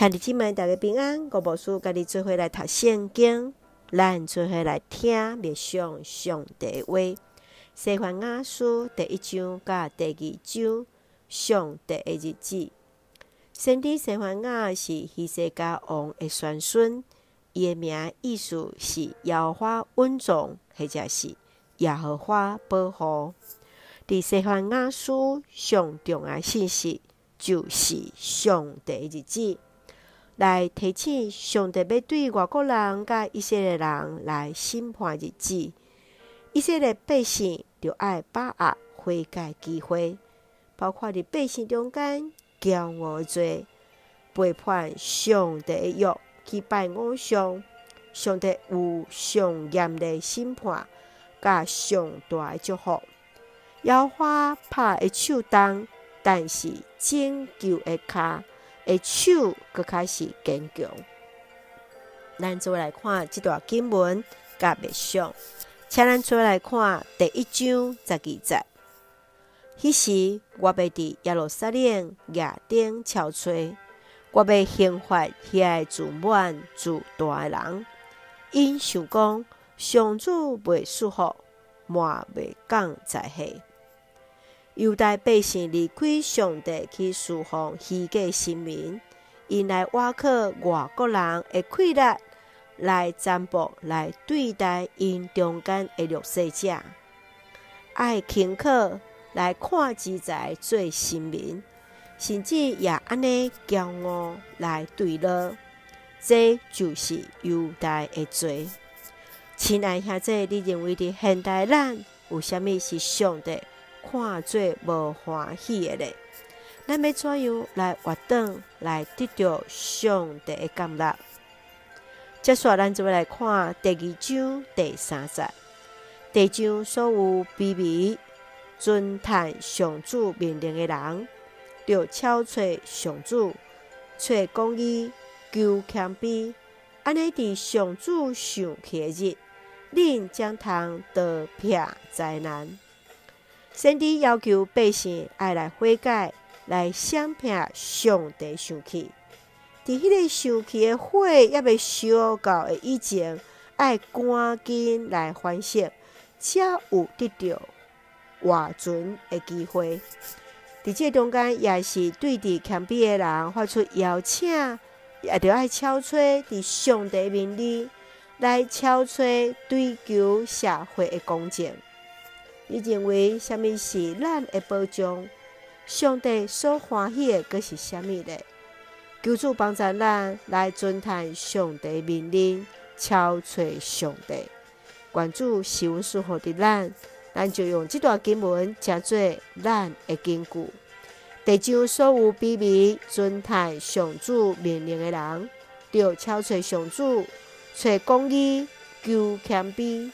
看，你姊妹大家平安，吳牧師。家己做伙來讀《聖經》，咱做伙來聽滅上上帝話。《西番雅書第一章加、啊、第，第二章，上帝的日、啊、子。《先知西番雅》是希西家王的玄孫，伊個名意思是耶和華隱藏，或者是耶和華保護。在啊《西番雅書上重要信息就是上帝日子。來提醒上帝要對外國人佮以色列人來審判日子。以色列的百姓就愛把握悔改機會。包括佇百姓中間驕傲罪、背叛上帝的約，去拜偶像，上帝有上嚴的審判佮上大的祝福，耶和華拍的手重，但是拯救會卡。而手閣開始堅強，咱做伙來看即段經文甲別上，請咱做伙來看第一章十二節。迄時我欲佇耶路撒冷，攑燈抄尋，我欲刑罰遐誒自滿自大誒人，因想講上主未賜福，嘛袂降災。猶大百姓離開上帝去侍奉虛假神明，引來倚靠外國人的勢力，來占卜來對待因中間的弱小者，愛勤懇來看錢財做神明，甚至也按呢驕傲來對了，這就是猶大的罪。親愛兄這你認為的現代人有啥物是上帝？看做無歡喜的嘞，咱要怎樣來活動來得到上帝的甘露？接下咱就要來看第二章第三節。第一章所有卑微，遵趁上主命令的人，要巧揣上主，揣公義求謙卑，安尼佇上主受氣的日，恁才通逃避災難。先知要求百姓要來悔改，來相騙上帝受氣。佇迄個受氣的火猶未燒到以前，要趕緊來反省，才有得到活存的機會。佇即中間也是對佇謙卑的人發出邀請，也得要敲催佇上帝面裡來敲催追求社會的公正。伊認為甚物是咱的保障？上帝所歡喜的閣是甚物呢？求主幫助咱來遵趁上帝命令，尋求上帝。關注是阮舒服的咱，咱就用這段經文當做咱的根據。地上所有卑微，遵趁上主命令的人，著尋求上主，尋公義，求謙卑。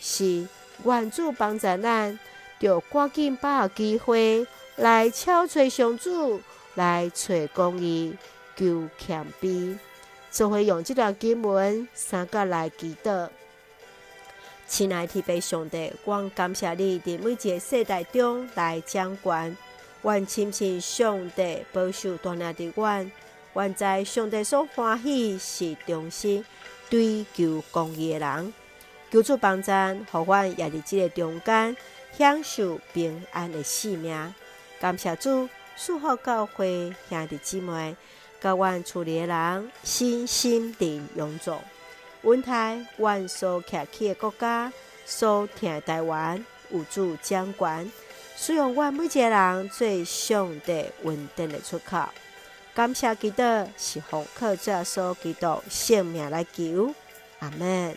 是。悄悄願主幫助咱，就趕緊把握機會來敲找上主來找公義，求謙卑，做會用即條經文三格來祈禱。親愛的天父上帝，我感謝你，佇每一個世代中來掌管，願親親上帝保守大煉的我，願在上帝所歡喜是心、是忠心、追求公義的人。求主幫助，使我們也在即個中間享受平安的生命。感謝主，賜福教會兄弟姊妹，及我們厝裡的人，身心靈的勇壯。我們萬所倚起的國家，所疼台灣有主掌管，使用我們每一個人作上帝恩典的出口。感謝祈禱，是奉靠着所基督聖名來求。阿門。